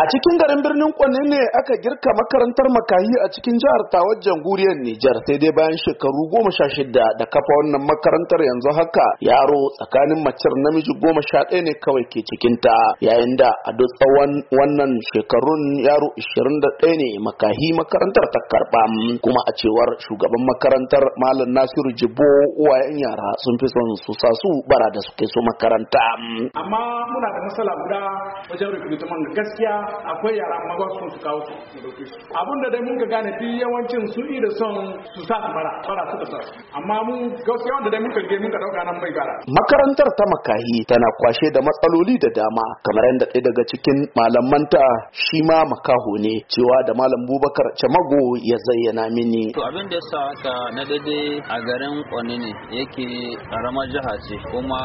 A cikin garin birnin Kwanne ne aka girka makarantar makahi a cikin jihar Tawar jamhuriyar Nijar sai dai bayan shekaru goma sha shida da kafa wannan makarantar yanzu haka yaro tsakanin macer namiji goma sha ɗaya ne kawai ke cikinta yayin da a duk tsawon wannan shekarun yaro ishirin da ɗaya ne makahi makarantar ta karɓa kuma a cewar shugaban makarantar Malam Nasiru Jibo uwayen yara sun fi son su sa su bara da suke so makaranta. Amma muna da matsala guda wajen rikrutuman gaskiya akwai yara amma ba su kawo su dauke da dai mun ka gane duk yawancin su da son su sa su mara fara suka sa amma mu gaskiya wanda dai mun ka mun ka dauka nan bai gara makarantar ta makahi tana kwashe da matsaloli da dama kamar yadda ɗaya daga cikin malamanta shi ma makaho ne cewa da malam Bubakar Chamago ya zayyana mini to abin da yasa ka na dade a garin Kwani ne yake karamar jiha ce kuma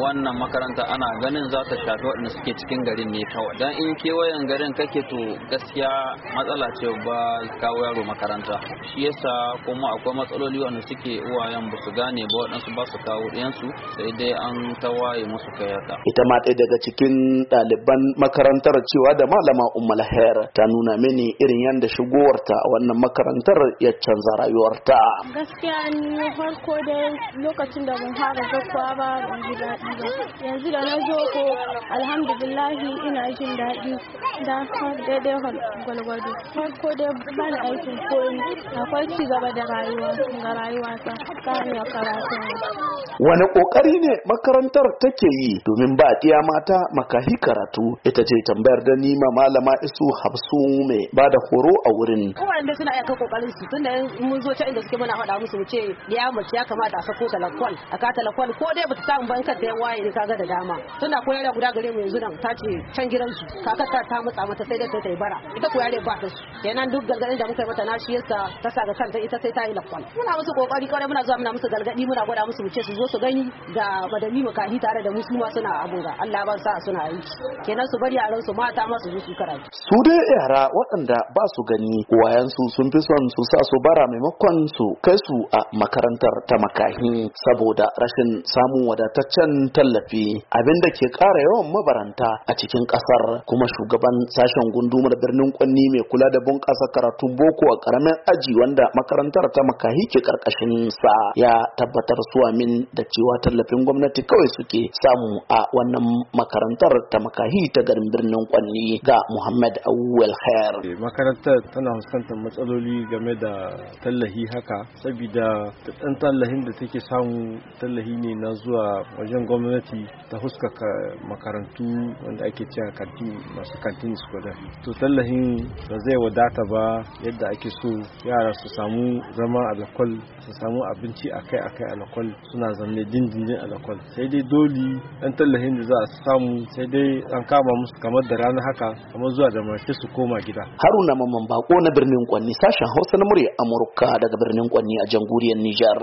wannan makaranta ana ganin za ta shafi waɗanda suke cikin garin ne kawai dan in kewayen wannan garin kake to gaskiya matsala ce ba kawo yaro makaranta shi yasa kuma akwai matsaloli wanda suke uwayen ba su gane ba waɗansu ba su kawo ɗiyansu sai dai an tawaye musu yata ita ma ɗaya daga cikin ɗaliban makarantar cewa da malama ummal her ta nuna mini irin yadda shigowarta a wannan makarantar ya canza rayuwarta gaskiya ni farko dai lokacin da mun fara zakwa ba ban ji daɗi ba yanzu da na zo ko alhamdulillahi ina jin daɗi da daidai gwalgwado ko dai bani aikin koyi akwai ci gaba da rayuwa ga rayuwa ta kariya karatu wani kokari ne makarantar take yi domin ba iya mata makahi karatu ita ce tambayar da nima malama isu hafsu mai ba da horo a wurin wanda suna aika kokarin su tunda mun zo ta inda suke muna faɗa musu mu ce ya mace ya kamata a sako talakwal a ka talakwal ko dai bata samu bankan da ya waye ne kaga da dama tunda ko yara guda gare mu yanzu nan ta ce can gidansu kaka ta matsa mata sai dai ta yi bara ita ko yare ba ta su kenan duk gargadin da muka yi mata na shi yasa ta sa ga kanta ita sai ta yi lakwal muna musu kokari kawai muna zuwa muna musu gargadi muna gwada musu wuce su zo su gani ga madami mukahi tare da musu ma suna abura Allah ba sa suna aiki kenan su bari yaran su mata ma su zo su karatu su dai yara waɗanda ba su gani su sun fi son su sa su bara maimakon su kai su a makarantar ta makahi saboda rashin samun wadataccen tallafi abinda ke ƙara yawan mabaranta a cikin ƙasar kuma shugaban Hassan sashen gundumar birnin Kwanni mai kula da bunƙasa karatun boko a karamin aji wanda makarantar ta makahi ke karkashin sa ya tabbatar suwa min da cewa tallafin gwamnati kawai suke samu a wannan makarantar ta makahi ta garin birnin Kwanni ga Muhammad Awwal Khair. Eh, makarantar tana fuskantar matsaloli game da tallahi haka saboda ɗan tallahin da take samu tallahi ne na zuwa wajen gwamnati ta huskaka makarantu wanda ake cewa kantin masu kantin iskolar to tallahin ba zai wadata ba yadda ake so yara su samu zama a lakwal su samu abinci akai akai a lakwal suna zanne dindindin a lakwal sai dai doli dan tallahin da za a samu sai dai an kama musu kamar da rana haka kamar zuwa da mashi su koma gida haruna mamman bako na birnin kwanni sashen hausa na murya amurka daga birnin kwanni a jamhuriyar nijar